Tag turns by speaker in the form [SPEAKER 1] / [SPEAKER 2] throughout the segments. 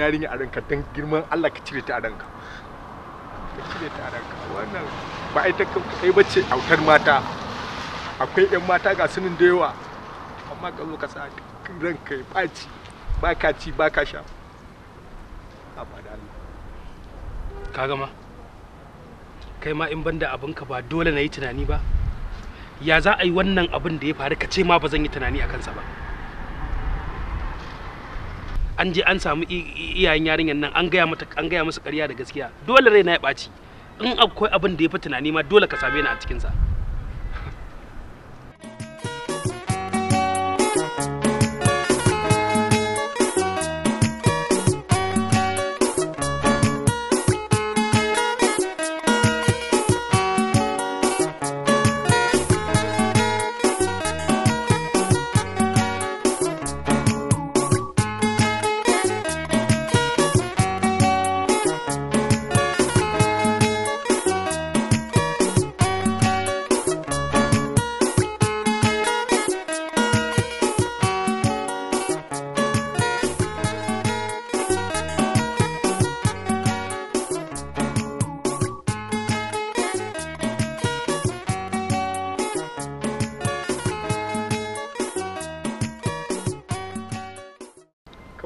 [SPEAKER 1] yarinya a ranka don girman Allah ka cire ta a ranka ka cire ta a ranka wannan ba ita kai bace autar mata akwai yan mata ga sunan da yawa amma ka zo
[SPEAKER 2] ka sa ranka ya ɓaci baka ka ci ba ka sha abada ka gama kai ma in banda abin ka ba dole na yi tunani ba ya za a yi wannan abin da ya faru ka ce ma ba zan yi tunani a kansa ba an je an samu iyayen yarinyar nan an gaya mata an gaya musu ƙarya da gaskiya dole raina ya ɓaci in akwai abin da ya fi tunani ma dole ka same ni a cikin sa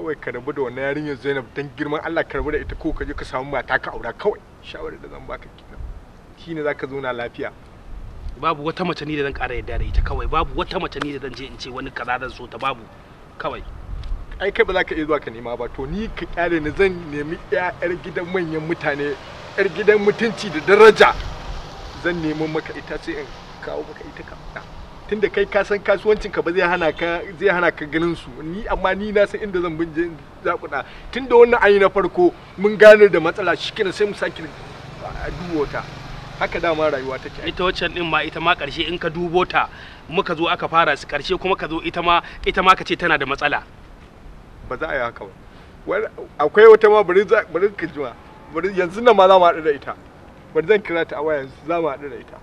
[SPEAKER 1] kawai ka rabu da wannan yarinyar Zainab dan girman Allah ka rabu da ita ko ka je ka samu mata ka aura kawai shawarar da zan baka kenan shine zaka zauna lafiya
[SPEAKER 2] babu wata mace ni da zan ƙara yadda da ita kawai babu wata mace ni da zan je in ce wani kaza zan so ta babu kawai
[SPEAKER 1] ai kai ba za ka iya zuwa ka nema ba to ni ka kyale ni zan nemi ƴaƴar gidan manyan mutane ƴar gidan mutunci da daraja zan nemi maka ita sai in kawo maka ita ka tunda kai ka san kasuwancin ka ba zai hana ka zai hana ka ganin su ni amma ni na san inda zan binje zakuda tunda wannan ayi na farko mun gane da matsala shikenan sai mu saki
[SPEAKER 2] dubo ta haka dama rayuwa take ita waccan din ma ita ma karshe in ka dubo ta muka zo aka fara su karshe kuma ka zo ita ma ita ma ka ce tana da matsala
[SPEAKER 1] ba za a yi haka ba akwai wata ma bari bari ka jima bari yanzu nan ma za mu haɗu da ita bari zan kira ta a waya yanzu za mu haɗu da ita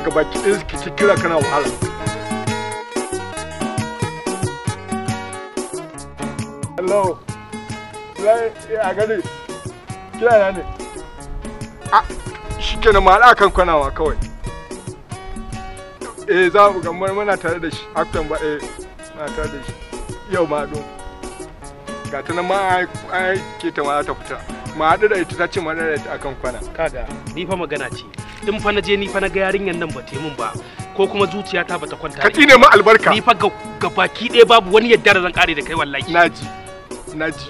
[SPEAKER 1] duniya ka baki ɗaya suke ci kira kana wahala hello lai a gani, kira na ne ah, a shi kenan ma haɗa kan kwanawa kawai eh za mu gamar muna tare da shi aktan ba eh muna tare da shi yau ma don
[SPEAKER 2] ga ta nan ma ai ke ta ma ta fita ma haɗu da ita ta ce ma da ita akan kwana kada ni fa magana ce in fa naje je ni fa na ga yarinyan nan ba ta mun ba ko kuma zuciyata ba ta kwanta ka tsine mu albarka ni fa ga baki ɗaya babu wani yadda da zan kare da kai wallahi naji naji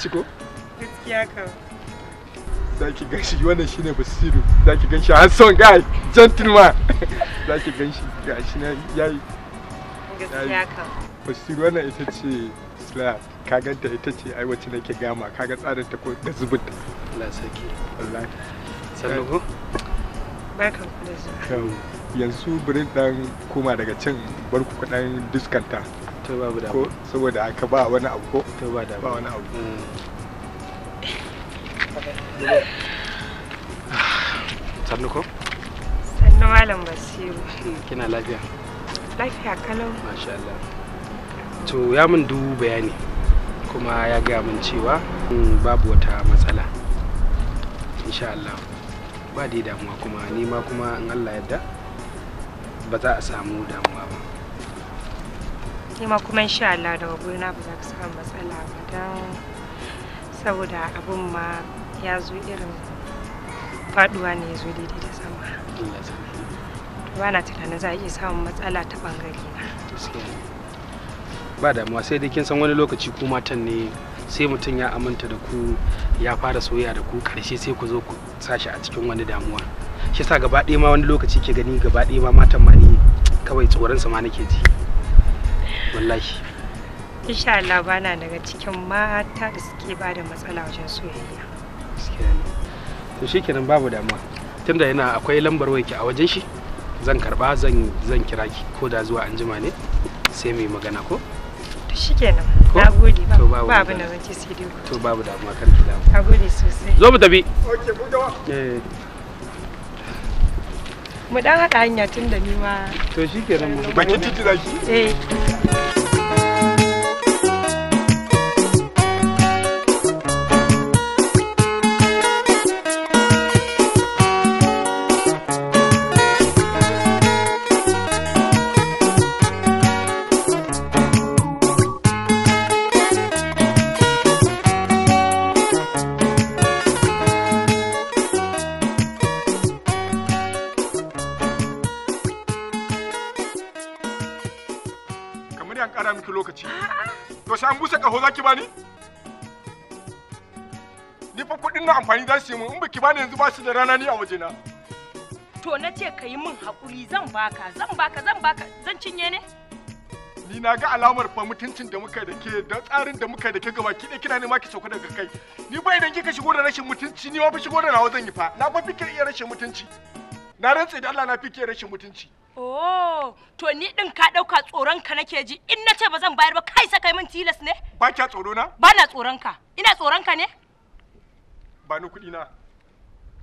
[SPEAKER 1] shi ko
[SPEAKER 3] gaskiya kam
[SPEAKER 1] zaki gan shi wannan basiru gan shi handsome guy gentleman gan shi na yayi
[SPEAKER 3] gaskiya kam
[SPEAKER 1] basiru wannan ita ce ka ganta ita ce ai wacce nake gama ka ga tsarin ta ko da zubin ta Allah saki wallahi barkan ku da zuwa yanzu birin dan koma daga cin barku kudan diskanta ko saboda haka ba wani abu ko to ba da ba wani abu
[SPEAKER 2] sannu ko
[SPEAKER 3] sannu malam basiru
[SPEAKER 2] hmm, kina lafiya
[SPEAKER 3] lafiya kalau masha Allah
[SPEAKER 2] to ya mun dubu bayani kuma ya gaya min cewa hmm, babu wata matsala insha Allah ba dai damuwa kuma ni ma kuma in Allah yadda ba za a samu damuwa ba
[SPEAKER 3] ni ma kuma insha Allah daga gurina ba za ka samu matsala ba don saboda abun ma ya zo irin faduwa ne ya zo daidai da sama ba na tunanin za a iya samun matsala ta bangare na
[SPEAKER 2] ba damuwa sai dai kin san wani lokaci ko matan ne sai mutum ya aminta da ku ya fara soyayya da ku karshe sai ku zo ku sashi a cikin wani damuwa shi sa gaba ɗaya ma wani lokaci ke gani gaba ɗaya ma matan ma ni kawai tsoron ma nake ji wallahi
[SPEAKER 3] insha Allah bana daga cikin mata da suke ba da matsala wajen soyayya
[SPEAKER 2] to shikenan babu damuwa tunda yana akwai lambar wayarki a wajen shi zan karba zan zan kira ki ko da zuwa anjima ne sai mu yi magana ko
[SPEAKER 3] to shikenan nagode ba ba abin da zan ci sai dai to babu damuwa kar ki damu nagode sosai zo mu tafi okay mu eh mu dan haɗa hanya tun da ni ma
[SPEAKER 2] to shikenan bakin titi zaki eh
[SPEAKER 1] ki bani yanzu ba shi da rana ni a wajena.
[SPEAKER 4] To na ce ka yi min haƙuri zan baka zan baka zan baka zan cinye ne?
[SPEAKER 1] Ni na ga alamar fa mutuncin da muka da ke da tsarin da muka da ke gaba ki kina ne ma ki sauka daga kai. Ni ba idan kika shigo da rashin mutunci ni ma fa shigo da nawa zan yi fa. Na ba fikir iya rashin mutunci. Na
[SPEAKER 4] rantse da Allah na fikir rashin mutunci. Oh, to ni din ka dauka tsoron ka nake ji in na ce ba zan bayar ba kai sa kai min tilas ne? Ba kya tsoro na? Ba na tsoron ka. Ina tsoron ka ne? Ba ni kuɗi na.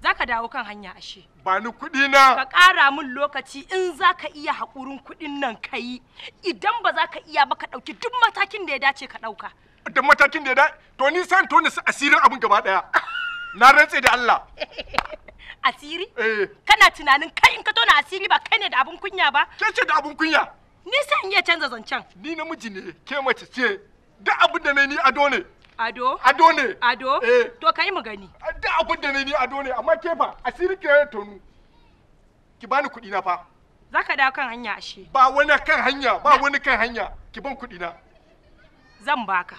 [SPEAKER 4] za ka dawo kan hanya ashe.
[SPEAKER 1] Ba ni kudi na.
[SPEAKER 4] Ka kara min lokaci in zaka iya hakurin kudin nan kai idan ba zaka ka iya ba ka dauki duk matakin da ya dace ka dauka.
[SPEAKER 1] duk matakin da ya dace? To ni san to ni asirin abin gaba daya Na rantse da Allah.
[SPEAKER 4] asiri? Eh. Kana tunanin kai in ka tona asiri ba kai ne da abin kunya ba? Ke ce da abin kunya. Ni san iya canza zancen. Ni namiji ne, ke mace ce. Duk abin da ni ado ne. Ado? Ado ne. Ado? Eh.
[SPEAKER 1] To kai mu gani. Da abin da ne ni ado ne amma ke fa asiri ke tonu.
[SPEAKER 4] Ki bani kuɗi na fa.
[SPEAKER 3] Za ka dawo kan hanya
[SPEAKER 4] ashe. Ba wani kan hanya, ba wani kan hanya. Ki ban kuɗi na. Zan baka.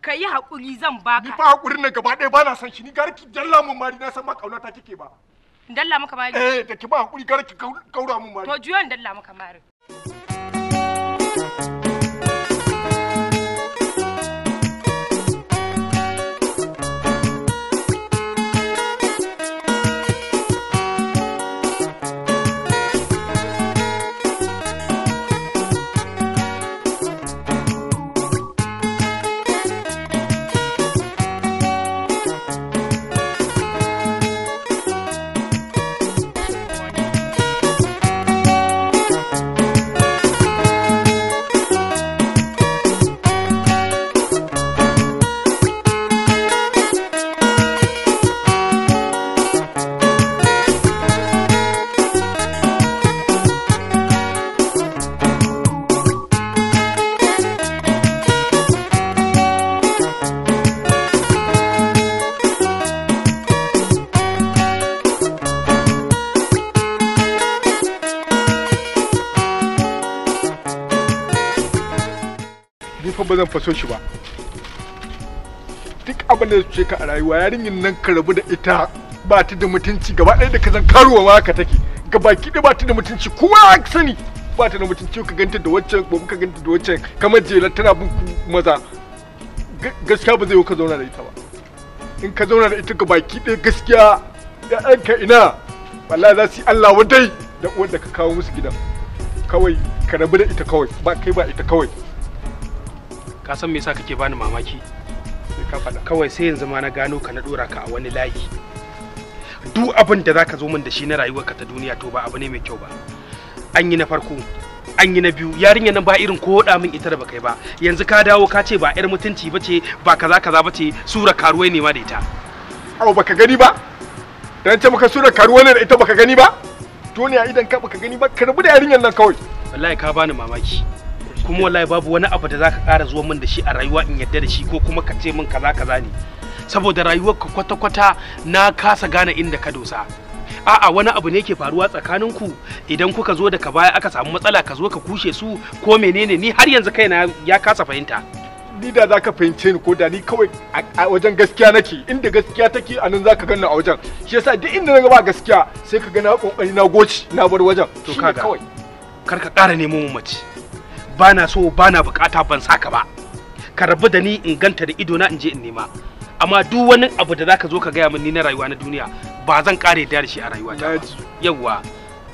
[SPEAKER 4] Ka yi haƙuri zan baka. Ni fa
[SPEAKER 1] haƙurin nan gaba ɗaya ba na san shi ni gara ki dalla mun mari na san ma ta kike ba.
[SPEAKER 4] Dalla maka mari? Eh, da
[SPEAKER 1] ki ba haƙuri gara ki kaura mun mari.
[SPEAKER 4] To juyo dalla maka mari.
[SPEAKER 1] so shi ba duk abin da suke ka a rayuwa yarinyin nan ka rabu da ita ba ta da mutunci gaba ɗaya da ka zan karuwa ma ka take gaba kiɗi ba ta da mutunci kuma a sani ba ta da mutunci ka ganta da waccan ba ka ganta da waccan kamar jela tana bin maza gaskiya ba zai yi ka zauna da ita ba in ka zauna da ita ga baki ɗaya gaskiya da ɗanka ina wallahi za su yi Allah wadai da uwar da ka kawo musu gidan kawai ka rabu da ita kawai ba kai ba
[SPEAKER 2] ita kawai ka san me yasa kake bani mamaki ka faɗa kawai sai yanzu ma na gano ka na ɗora ka a wani layi du abin da zaka zo min da shi na rayuwarka ta duniya to ba abu ne mai kyau ba an yi na farko an yi na biyu yarinya nan ba irin ko da min ita da bakai ba yanzu ka dawo ka ce ba yar mutunci bace ba kaza kaza bace sura karuwai ne ma da ita au baka gani ba dan ce maka sura karuwai ne da ita baka gani
[SPEAKER 1] ba duniya idan ka baka gani ba ka rabu da yarinyar nan kawai
[SPEAKER 2] wallahi ka bani mamaki kuma wallahi babu wani abu da zaka ƙara zuwa min da shi a rayuwa in yadda da shi ko kuma ka ce min kaza kaza ne saboda rayuwar ka kwata kwata na kasa gane inda ka dosa a'a wani abu ne ke faruwa tsakanin ku idan kuka zo daga baya aka samu matsala ka zo ka kushe su ko menene ni har yanzu kaina ya kasa fahimta
[SPEAKER 1] ni da zaka fahimce ni ko da ni kawai a wajen gaskiya nake inda gaskiya take a nan zaka ganna a wajen shi yasa duk inda na ba gaskiya sai ka ga na
[SPEAKER 2] kokari na goci na bar wajen to kaga kawai kar ka ƙara nemo mace ba na so ba na bukata ban saka ba ka rabu da ni in ganta da ido na in je in nema amma duk wani abu da zaka zo ka gaya min ni na rayuwa na duniya ba zan kare da shi a rayuwa ta yawwa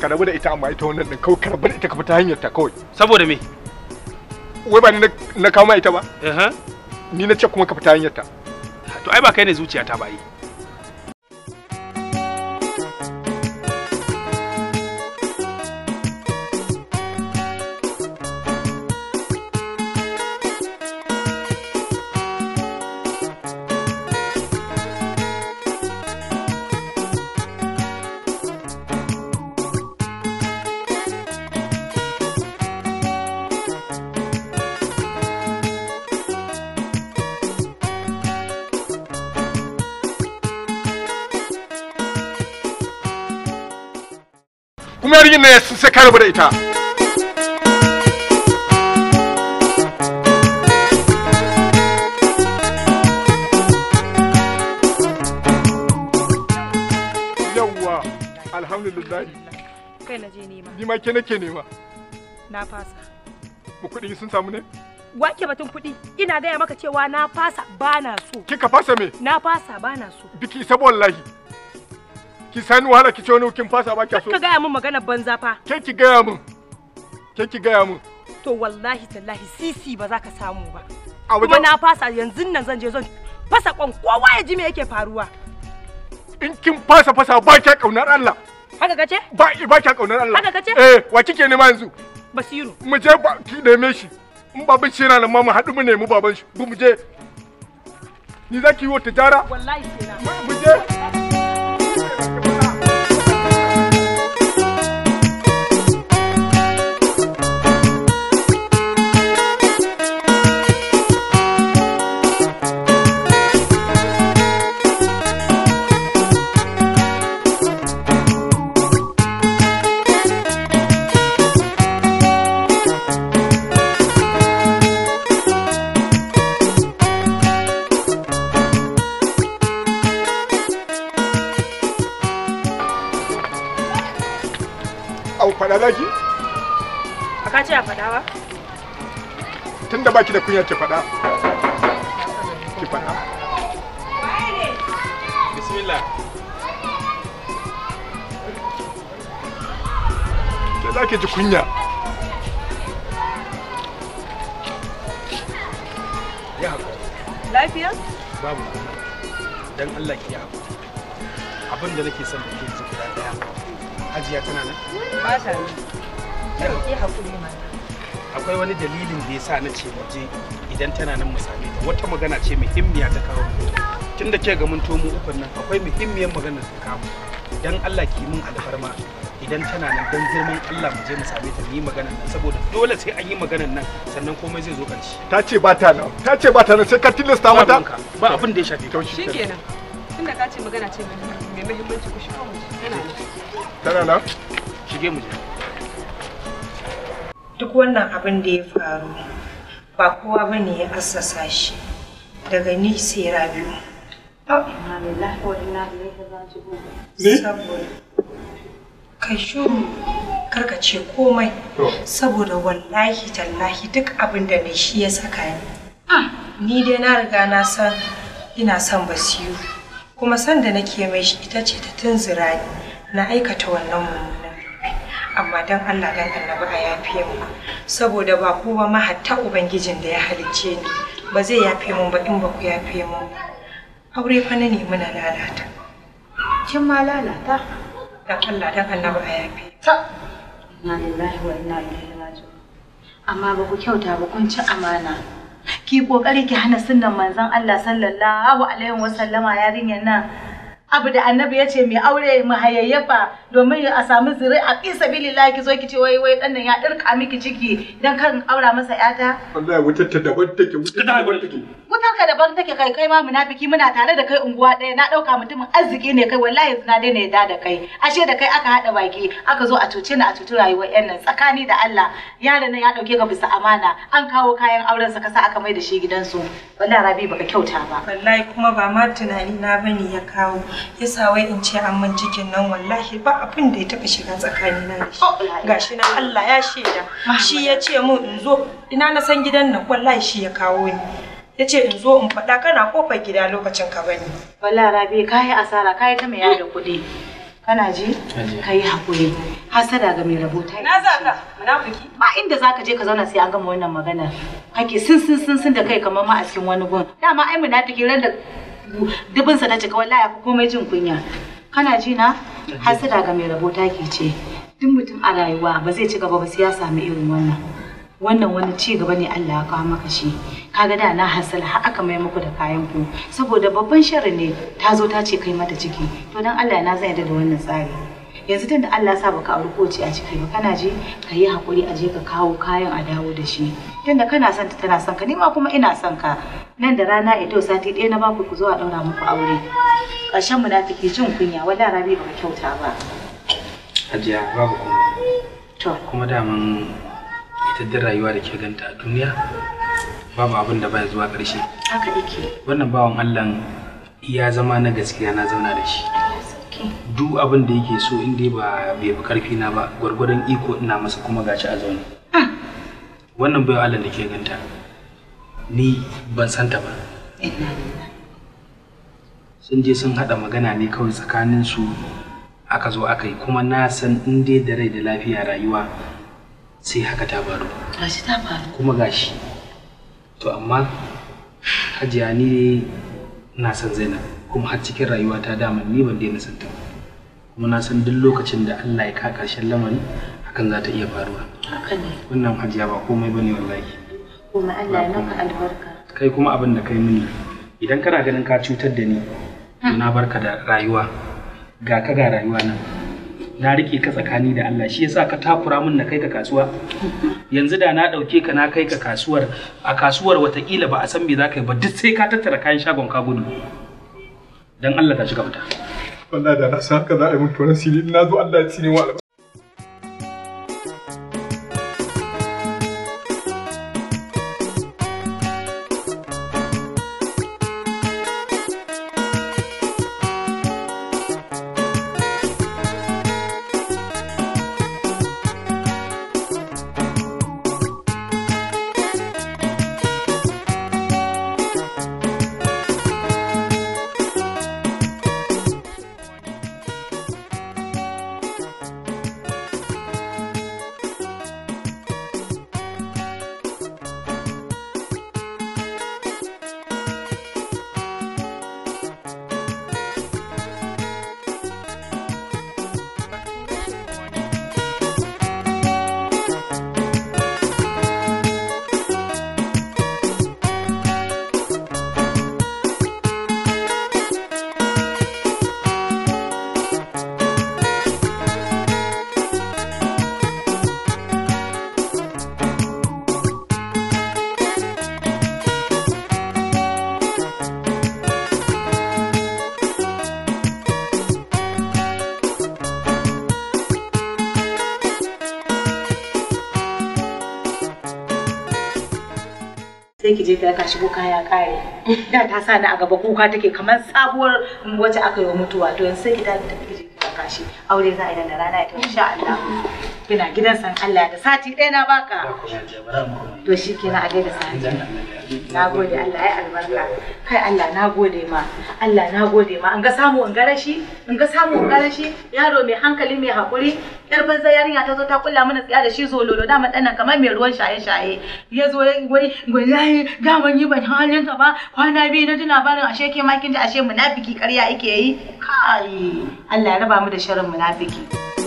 [SPEAKER 1] ka rabu da ita amma ita wannan din kawai ka rabu da ita ka fita hanyar ta kawai saboda me wai ba ni na kawo ma ita ba ni na ce kuma ka fita hanyar ta
[SPEAKER 2] to ai ba kai ne zuciyata ba yi
[SPEAKER 1] shi ne sai da ita yawwa alhamdulillah
[SPEAKER 3] kai na je nema
[SPEAKER 1] ni ma ke nake nema na fasa mu kuɗi
[SPEAKER 4] sun samu ne wake batun kuɗi ina gaya maka cewa na fasa bana so kika fasa me na fasa na so
[SPEAKER 1] biki sabo wallahi ki sani wahala ki ce wani kin fasa ba ki
[SPEAKER 4] so ka gaya mun magana banza fa ke ki gaya mun ke ki gaya mun. to wallahi tallahi sisi ba za ka samu ba kuma na fasa yanzu nan zan je zan fasa kon kowa ya ji me yake faruwa
[SPEAKER 1] in kin fasa fasa ba ki kaunar Allah haka kace ba ba ki kaunar Allah haka kace eh wa kike nema yanzu Basiru mu je ba ki neme shi in bin shi nan ma mu haɗu mu nemi baban shi mu je ni zaki yi wa tijara wallahi kenan mu je da baki da kunya ki faɗa ki faɗa bismillah ke za ki ji kunya
[SPEAKER 2] ya lafiya babu dan Allah ki ya abin da nake son da ke ji guda daya hajiya tana nan
[SPEAKER 3] ba ta nan ki hakuri
[SPEAKER 2] akwai wani dalilin da ya sa na ce waje idan tana nan mu ta wata magana ce muhimmiya ta kawo tun da ke ga mun tomo ukun nan akwai muhimmiyar magana ta kawo dan Allah ki mun alfarma idan tana nan dan girman Allah mu je mu same ta yi magana nan saboda dole sai an yi magana nan sannan komai zai zo kanci
[SPEAKER 1] ta ce ba ta nan ta ce ba ta nan sai ka tilasta mata
[SPEAKER 2] ba abin da ya shafe ka
[SPEAKER 1] tun
[SPEAKER 3] tunda ka ce magana ce mai muhimmanci ku shigo mu
[SPEAKER 1] tana nan
[SPEAKER 2] shige mu je
[SPEAKER 3] duk wannan abin da ya faru ba kowa ba ne ya assasa shi daga ni sai rabiu kai shuru karkace komai saboda wallahi tallahi duk abin da mai shi ya saka ni ah. ni dai na riga na san ina son basiru kuma san da nake mai shi ita ce ta tunzura ni na aikata wannan mummuna amma don Allah don annabi a yafe mu saboda ba kowa ma hatta ubangijin da ya halicce ni ba zai yafe mu ba in ba ku yafe mu aure fa na ne muna lalata kin ma lalata don Allah don annabi
[SPEAKER 5] a yafe ta inna lillahi wa inna ilaihi raji'un amma ba ku kyauta ba kun ci amana ki kokari ki hana sunnan manzon Allah sallallahu alaihi wasallama yarinyar nan abu da annabi ya ce mai aure mu hayayyafa domin a samu zuri a fi sabilillah ki zo ki ce wai wai dan nan ya dirka miki ciki dan kan aura masa yata
[SPEAKER 1] ya wutar ta daban take wutar ta daban take
[SPEAKER 5] wutar ka daban take kai kai ma munafiki muna tare da kai unguwa daya na ɗauka mutumin arziki ne kai wallahi zina na daina ya da kai ashe da kai aka haɗa baki aka zo a cuce ni a cuci rayuwar yan nan tsakani da Allah yaran nan ya ɗauke ka bisa amana an kawo kayan auren sa kasa aka mai da shi gidansu wallahi Rabi baka kyauta ba
[SPEAKER 3] wallahi kuma ba ma tunani na bane ya kawo yasa wai in ce an mun cikin nan wallahi ba abin da ya taɓa shiga tsakanina na shi oh, gashi na Allah ya shaida shi ya ce min in zo ina na san gidan nan wallahi shi ya kawo ni ya ce in zo in faɗa kana kofar gida lokacin ka bani
[SPEAKER 5] wallahi rabi yi asara kayi ta mai yada kuɗi kana ji ka yi haƙuri hasada ga mai rabota na za ka munafiki ba inda za ka je ka zauna sai an gama wannan magana kake sun sun sun sun da kai kamar ma a cikin wani gun dama ai munafiki ran da sa ta cika wallahi ya fi komai jin kunya kana ji na hasada ga mai rabota ke ce duk mutum a rayuwa ba zai ci gaba ba sai ya samu irin wannan wannan wani ci gaba ne Allah ya kawo maka shi kaga da na hasala har aka mai muku da kayan ku saboda babban sharri ne ta zo ta ce kai mata ciki to dan Allah na zai da wannan tsari yanzu tunda Allah sa ka auri koci a ciki ba kana ji ka yi hakuri a je ka kawo kayan a dawo da shi tunda kana son ta tana son ka ni ma kuma ina son ka nan da rana ido sati ɗaya na baku ku zo a ɗaura muku aure ƙarshen munafiki jin kunya wala rabi ba kyauta ba
[SPEAKER 2] hajiya babu kuma to kuma daman ita da rayuwa da ke ganta a duniya babu abin da baya zuwa ƙarshe haka yake wannan bawan Allah ya zama na gaskiya na zauna da shi duk abin da yake so in dai ba bai fi karfi na ba gwargwadon iko ina masa kuma gashi a zaune ah. wannan bayan Allah da ke ganta ni ban santa ba sun je sun haɗa magana ne kawai tsakanin su aka zo aka yi kuma na san in dai da rai da lafiya rayuwa sai haka ta faru
[SPEAKER 5] gashi ta faru
[SPEAKER 2] kuma gashi to amma hajiya ni na san zainab kuma har cikin rayuwa ta dama ni ban daina san ta kuma na san duk lokacin da Allah ya ka karshen lamari hakan za ta iya faruwa wannan hajiya ba komai bane wallahi
[SPEAKER 5] kuma Allah ya maka albarka
[SPEAKER 2] kai kuma abin da kai mini idan kana ganin ka cutar da ni na barka da rayuwa ga ka ga rayuwa nan na rike ka tsakani da Allah shi yasa ka takura min na kai ka kasuwa yanzu da na dauke ka na kai ka kasuwar a kasuwar watakila ba a san me za ka yi ba duk sai ka tattara kayan shagon ka gudu dan Allah ka shiga fita
[SPEAKER 1] wallahi da na san ka za a yi mutuwar sirri na zo Allah ya tsine wa
[SPEAKER 5] sai ki je ki raka shigo kaya kare da ta sa ni a gaba kuka take kamar sabuwar wacce aka yi mutuwa to yanzu sai ki tafi ki je ki raka shi aure za a yi da rana ita insha Allah Ina gidan san Allah da sati ɗaya na baka. To shi kina a gaida sati. Na gode Allah ya albarka. Kai Allah na gode ma. Allah na gode ma. An ga samu in ga rashi, in ga samu an ga rashi. Yaro mai hankali mai hakuri Yar banza yarinya ta zo ta kulla mana tsaya da shi zololo da ɗan kamar mai ruwan shaye-shaye. Ya zo ya wai ga daman yi ban halin ta ba. Kwana biyu na tuna barin ashe ke ma kin ji ashe munafiki ƙarya yake yi. Kai Allah ya raba mu da sharrin munafiki.